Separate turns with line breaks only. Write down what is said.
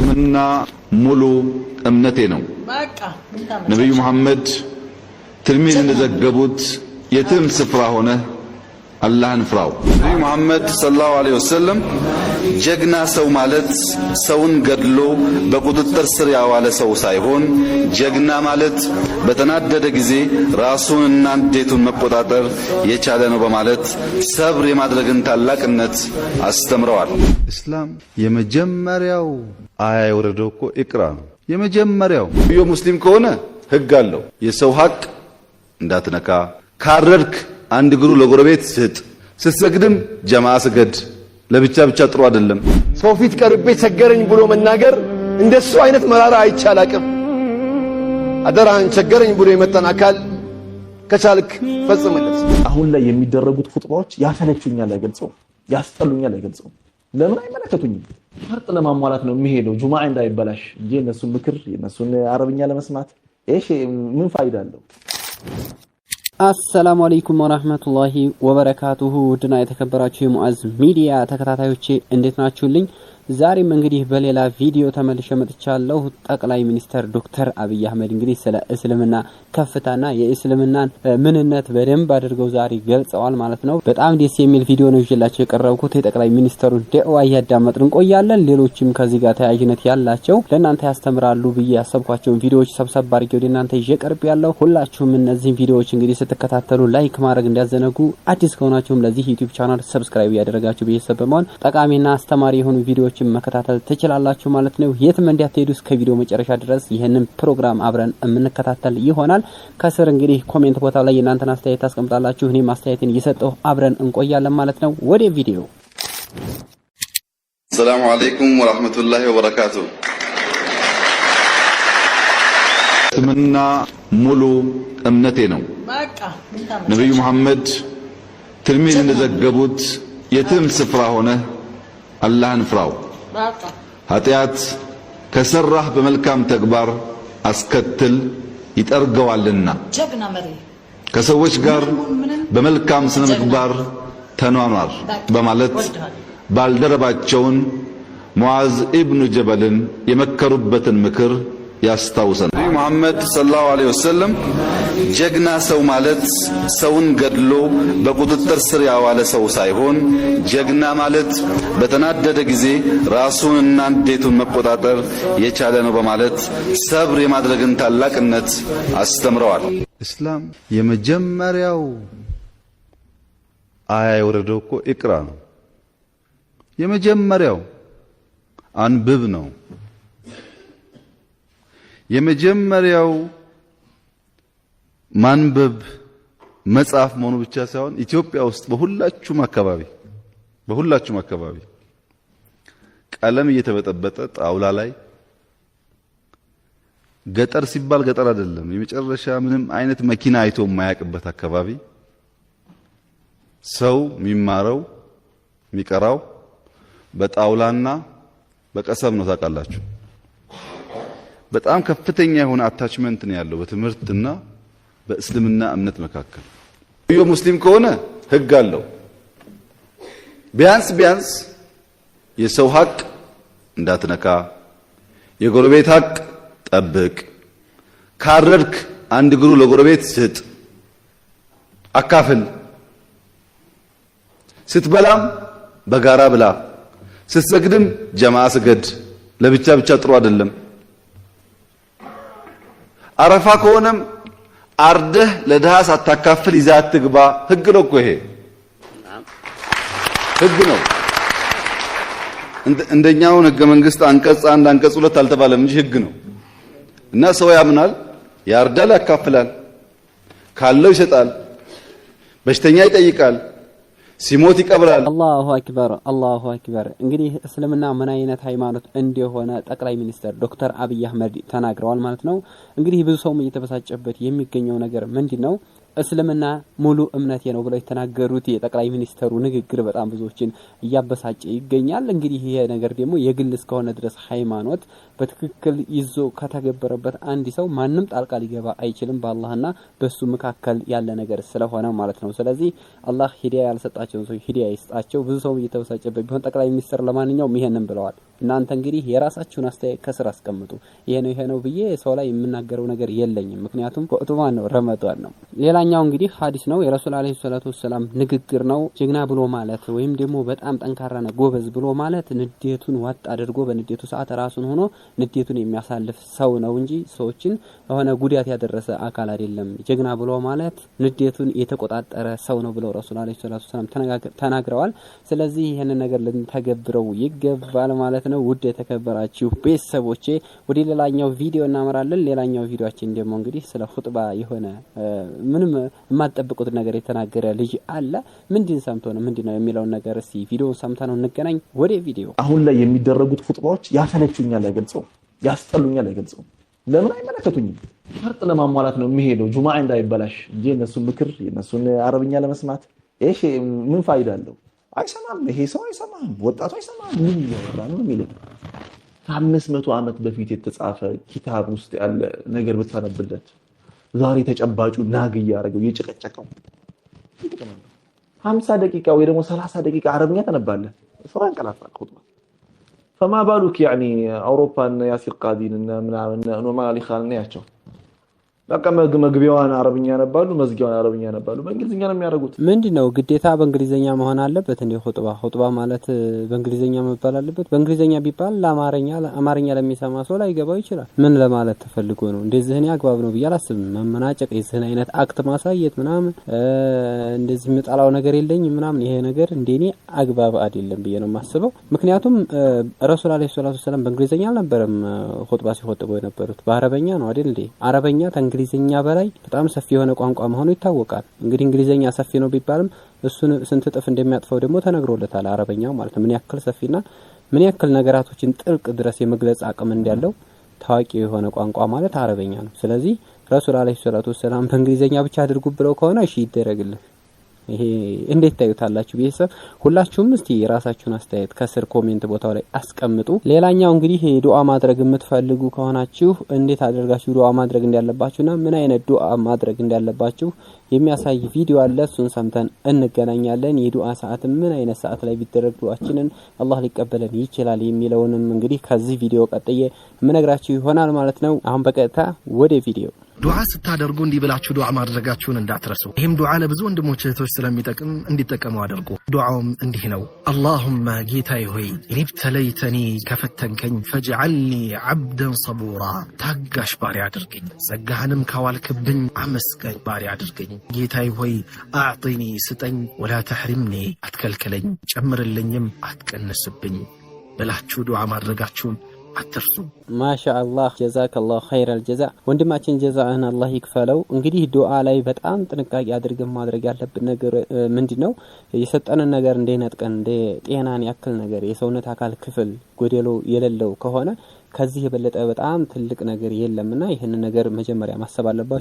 እስልምና ሙሉ እምነቴ ነው። ነቢዩ መሐመድ ትርሚዝ እንደዘገቡት የትም ስፍራ ሆነ አላህን ፍራው። ነቢዩ መሐመድ ሰለላሁ ዐለይሂ ወሰለም ጀግና ሰው ማለት ሰውን ገድሎ በቁጥጥር ስር ያዋለ ሰው ሳይሆን ጀግና ማለት በተናደደ ጊዜ ራሱንና እንዴቱን መቆጣጠር የቻለ ነው በማለት ሰብር የማድረግን ታላቅነት አስተምረዋል። እስላም የመጀመሪያው አያ የወረደው እኮ ኢቅራ ነው። የመጀመሪያው ዮ ሙስሊም ከሆነ ህግ አለው። የሰው ሀቅ እንዳትነካ፣ ካረድክ አንድ እግሩ ለጎረቤት ስጥ፣ ስትሰግድም ጀማ ስገድ። ለብቻ ብቻ ጥሩ አይደለም። ሰው ፊት ቀርቤ ቸገረኝ ብሎ መናገር እንደሱ አይነት መራራ አይቻላቅም። አደራህን ቸገረኝ ብሎ የመጣን አካል ከቻልክ ፈጽምለት። አሁን ላይ የሚደረጉት ፉጥባዎች ያሰለቹኛል፣ አይገልጸውም፣ ያስጠሉኛል፣ አይገልጸውም። ለምን አይመለከቱኝም? ፈርጥ ለማሟላት ነው የሚሄደው ጁማዓ እንዳይበላሽ እንጂ የነሱን ምክር የነሱን አረብኛ ለመስማት ይሄ ምን ፋይዳ አለው?
አሰላሙ አለይኩም ወራህመቱላሂ ወበረካቱሁ ውድና የተከበራችሁ የሙአዝ ሚዲያ ተከታታዮቼ እንዴት ናችሁልኝ? ዛሬም እንግዲህ በሌላ ቪዲዮ ተመልሼ መጥቻለሁ። ጠቅላይ ሚኒስተር ዶክተር አብይ አህመድ እንግዲህ ስለ እስልምና ከፍታና የእስልምናን ምንነት በደንብ አድርገው ዛሬ ገልጸዋል ማለት ነው። በጣም ደስ የሚል ቪዲዮ ነው ይዤላቸው የቀረብኩት። የጠቅላይ ሚኒስተሩን ደዋ እያዳመጥን እንቆያለን። ሌሎችም ከዚህ ጋር ተያያዥነት ያላቸው ለእናንተ ያስተምራሉ ብዬ ያሰብኳቸውን ቪዲዮዎች ሰብሰብ አድርጌ ወደ እናንተ ይዤ ቀርብ ያለው። ሁላችሁም እነዚህን ቪዲዮዎች እንግዲህ ስትከታተሉ ላይክ ማድረግ እንዳዘነጉ፣ አዲስ ከሆናችሁም ለዚህ ዩቲዩብ ቻናል ሰብስክራይብ እያደረጋችሁ ብዬ በመሆን ጠቃሚና አስተማሪ የሆኑ ቪዲዮ ዝግጅቶችን መከታተል ትችላላችሁ ማለት ነው። የትም እንዲያትሄዱ እስከ ቪዲዮ መጨረሻ ድረስ ይህንን ፕሮግራም አብረን የምንከታተል ይሆናል። ከስር እንግዲህ ኮሜንት ቦታ ላይ የእናንተን አስተያየት ታስቀምጣላችሁ። እኔም አስተያየትን እየሰጠሁ አብረን እንቆያለን ማለት ነው። ወደ ቪዲዮ
አሰላሙ አለይኩም ወራህመቱላሂ ወበረካቱ። እስልምና ሙሉ እምነቴ ነው። ነቢዩ መሐመድ ትልሚዝ እንደዘገቡት የትም ስፍራ ሆነ አላህን ፍራው ኃጢአት ከሰራህ በመልካም ተግባር አስከትል ይጠርገዋልና ከሰዎች ጋር በመልካም ስነ ምግባር ተኗኗር በማለት ባልደረባቸውን ሙዓዝ ኢብኑ ጀበልን የመከሩበትን ምክር ያስታውሰናል። ሙሐመድ ሰለላሁ ዐለይሂ ወሰለም ጀግና ሰው ማለት ሰውን ገድሎ በቁጥጥር ስር ያዋለ ሰው ሳይሆን ጀግና ማለት በተናደደ ጊዜ ራሱንና እንዴቱን መቆጣጠር የቻለ ነው በማለት ሰብር የማድረግን ታላቅነት አስተምረዋል። እስላም የመጀመሪያው አያ የወረደው እኮ ኢቅራ ነው። የመጀመሪያው አንብብ ነው። የመጀመሪያው ማንበብ መጽሐፍ መሆኑ ብቻ ሳይሆን ኢትዮጵያ ውስጥ በሁላችሁም አካባቢ በሁላችሁም አካባቢ ቀለም እየተበጠበጠ ጣውላ ላይ ገጠር ሲባል ገጠር አይደለም፣ የመጨረሻ ምንም አይነት መኪና አይቶ የማያውቅበት አካባቢ ሰው የሚማረው የሚቀራው በጣውላና በቀሰብ ነው። ታውቃላችሁ። በጣም ከፍተኛ የሆነ አታችመንት ነው ያለው በትምህርትና በእስልምና እምነት መካከል። እዮ ሙስሊም ከሆነ ህግ አለው። ቢያንስ ቢያንስ የሰው ሀቅ እንዳትነካ፣ የጎረቤት ሀቅ ጠብቅ፣ ካረድክ አንድ እግሩ ለጎረቤት ስጥ፣ አካፍል፣ ስትበላም በጋራ ብላ፣ ስትሰግድም ጀማዓ ስገድ። ለብቻ ብቻ ጥሩ አይደለም። አረፋ ከሆነም አርደህ ለድሃ ሳታካፍል ይዘህ አትግባ። ህግ ነው እኮ ይሄ ህግ ነው። እንደኛውን ህገ መንግስት አንቀጽ አንድ አንቀጽ ሁለት አልተባለም እንጂ ህግ ነው። እና ሰው ያምናል፣ ያርዳል፣ ያካፍላል፣ ካለው ይሰጣል፣ በሽተኛ ይጠይቃል። ሲሞት ይቀብራል።
አላሁ አክበር አላሁ አክበር። እንግዲህ እስልምና ምን አይነት ሃይማኖት እንደሆነ ጠቅላይ ሚኒስትር ዶክተር አብይ አህመድ ተናግረዋል ማለት ነው። እንግዲህ ብዙ ሰውም እየተበሳጨበት የሚገኘው ነገር ምንድን ነው? እስልምና ሙሉ እምነቴ ነው ብለው የተናገሩት የጠቅላይ ሚኒስተሩ ንግግር በጣም ብዙዎችን እያበሳጨ ይገኛል። እንግዲህ ይሄ ነገር ደግሞ የግል እስከሆነ ድረስ ሃይማኖት በትክክል ይዞ ከተገበረበት አንድ ሰው ማንም ጣልቃ ሊገባ አይችልም፣ በአላህና በሱ መካከል ያለ ነገር ስለሆነ ማለት ነው። ስለዚህ አላህ ሂዲያ ያልሰጣቸውን ሰው ሂዲያ ይስጣቸው። ብዙ ሰው እየተበሳጨበት ቢሆን ጠቅላይ ሚኒስተር ለማንኛውም ይሄንን ብለዋል። እናንተ እንግዲህ የራሳችሁን አስተያየት ከስር አስቀምጡ። ይሄ ነው ይሄ ነው ብዬ ሰው ላይ የምናገረው ነገር የለኝም፣ ምክንያቱም ወቅቱ ማን ነው ረመዷን ነው። ሌላኛው እንግዲህ ሀዲስ ነው። የረሱል አለ ሰላት ወሰላም ንግግር ነው። ጀግና ብሎ ማለት ወይም ደግሞ በጣም ጠንካራ ጎበዝ ብሎ ማለት ንዴቱን ዋጥ አድርጎ በንዴቱ ሰዓት ራሱን ሆኖ ንዴቱን የሚያሳልፍ ሰው ነው እንጂ ሰዎችን የሆነ ጉዳት ያደረሰ አካል አይደለም። ጀግና ብሎ ማለት ንዴቱን የተቆጣጠረ ሰው ነው ብለው ረሱል አለ ሰላት ወሰላም ተናግረዋል። ስለዚህ ይህንን ነገር ልንተገብረው ይገባል ማለት ነው። ውድ የተከበራችሁ ቤተሰቦቼ ወደ ሌላኛው ቪዲዮ እናመራለን። ሌላኛው ቪዲዮችን ደግሞ እንግዲህ ስለ ሁጥባ የሆነ ምንም የማትጠብቁት ነገር የተናገረ ልጅ አለ። ምንድን ሰምቶ ነው ምንድን ነው የሚለውን ነገር እስቲ ቪዲዮን ሰምተ ነው እንገናኝ። ወደ ቪዲዮ። አሁን ላይ የሚደረጉት ፉጥባዎች ያፈነችኛል፣ አይገልጸው፣ ያስጠሉኛል፣ አይገልጸው። ለምን አይመለከቱኝም? ፈርጥ ለማሟላት ነው የሚሄደው ጁማ እንዳይበላሽ እ የነሱን ምክር የነሱን አረብኛ ለመስማት ምን ፋይዳ አለው? አይሰማም። ይሄ ሰው አይሰማም፣ ወጣቱ አይሰማም። ምን እያወራ ነው የሚል ከአምስት መቶ ዓመት በፊት የተጻፈ ኪታብ ውስጥ ያለ ነገር ብታነብለት ዛሬ ተጨባጩ ናግ እያደረገው የጨቀጨቀው ሀምሳ ደቂቃ ወይ ደግሞ ሰላሳ ደቂቃ አረብኛ ተነባለህ። ስራ እንቀላፋል። ኹጥባ ፈማ ባሉክ ያኒ አውሮፓን ያሲር ቃዲን ምናምን ኖማሊ ኻልን ያቸው በቃ መግቢያዋን አረብኛ ነባሉ፣ መዝጊያዋን አረብኛ ነባሉ። በእንግሊዝኛ ነው የሚያደርጉት። ምንድን ነው ግዴታ በእንግሊዝኛ መሆን አለበት እንዴ? ሁጥባ ሁጥባ ማለት በእንግሊዝኛ መባል አለበት? በእንግሊዝኛ ቢባል ለአማርኛ አማርኛ ለሚሰማ ሰው ላይገባው ይችላል። ምን ለማለት ተፈልጎ ነው? እንደዚህ እኔ አግባብ ነው ብዬ አላስብም። መመናጨቅ፣ የዚህን አይነት አክት ማሳየት ምናምን፣ እንደዚህ የምጠላው ነገር የለኝ ምናምን፣ ይሄ ነገር እንደኔ አግባብ አይደለም ብዬ ነው የማስበው። ምክንያቱም ረሱል አለይሂ ሰላቱ ወሰላም በእንግሊዝኛ አልነበረም ሁጥባ ሲሆጥበው የነበሩት በአረበኛ ነው አይደል እንዴ? አረበኛ ተንግሊ ከእንግሊዝኛ በላይ በጣም ሰፊ የሆነ ቋንቋ መሆኑ ይታወቃል። እንግዲህ እንግሊዝኛ ሰፊ ነው ቢባልም እሱን ስንት እጥፍ እንደሚያጥፈው ደግሞ ተነግሮለታል። አረበኛው ማለት ነው ምን ያክል ሰፊና ምን ያክል ነገራቶችን ጥልቅ ድረስ የመግለጽ አቅም እንዳለው ታዋቂ የሆነ ቋንቋ ማለት አረበኛ ነው። ስለዚህ ረሱል አለ ሰላቱ ወሰላም በእንግሊዝኛ ብቻ አድርጉ ብለው ከሆነ እሺ ይደረግልን። ይሄ እንዴት ታዩታላችሁ? ቤተሰብ ሁላችሁም እስቲ የራሳችሁን አስተያየት ከስር ኮሜንት ቦታው ላይ አስቀምጡ። ሌላኛው እንግዲህ ዱዓ ማድረግ የምትፈልጉ ከሆናችሁ እንዴት አድርጋችሁ ዱዓ ማድረግ እንዳለባችሁና ምን አይነት ዱዓ ማድረግ እንዳለባችሁ የሚያሳይ ቪዲዮ አለ። እሱን ሰምተን እንገናኛለን። የዱዓ ሰዓት ምን አይነት ሰዓት ላይ ቢደረግ ዱዓችንን አላህ ሊቀበለን ይችላል የሚለውንም እንግዲህ ከዚህ ቪዲዮ ቀጥዬ የምነግራችሁ ይሆናል ማለት ነው። አሁን በቀጥታ ወደ ቪዲዮ ዱዓ ስታደርጉ እንዲህ ብላችሁ ዱዓ ማድረጋችሁን እንዳትረሱ። ይህም ዱዓ ለብዙ ወንድሞች እህቶች ስለሚጠቅም እንዲጠቀሙ አድርጉ። ዱዓውም እንዲህ ነው። አላሁመ ጌታዬ ሆይ ኢንብተለይተኒ ከፈተንከኝ፣ ፈጅዓልኒ ዓብደን ሰቡራ ታጋሽ ባሪ አድርገኝ። ጸጋህንም ካዋልክብኝ አመስገኝ ባሪ አድርገኝ። ጌታዬ ሆይ አዕጢኒ ስጠኝ፣ ወላ ተሕሪምኒ አትከልክለኝ፣ ጨምርልኝም አትቀንስብኝ ብላችሁ ዱዓ ማድረጋችሁን አትርሱ። ማሻ አላህ ጀዛከ ላሁ ኸይረል ጀዛ። ወንድማችን ጀዛህን አላህ ይክፈለው። እንግዲህ ዱዓ ላይ በጣም ጥንቃቄ አድርገን ማድረግ ያለብን ነገር ምንድ ነው? የሰጠንን ነገር እንዳይነጥቀን፣ እንደ ጤናን ያክል ነገር የሰውነት አካል ክፍል ጎደሎ የሌለው ከሆነ ከዚህ የበለጠ በጣም ትልቅ ነገር የለምና ይህንን ነገር መጀመሪያ ማሰብ አለባቸው።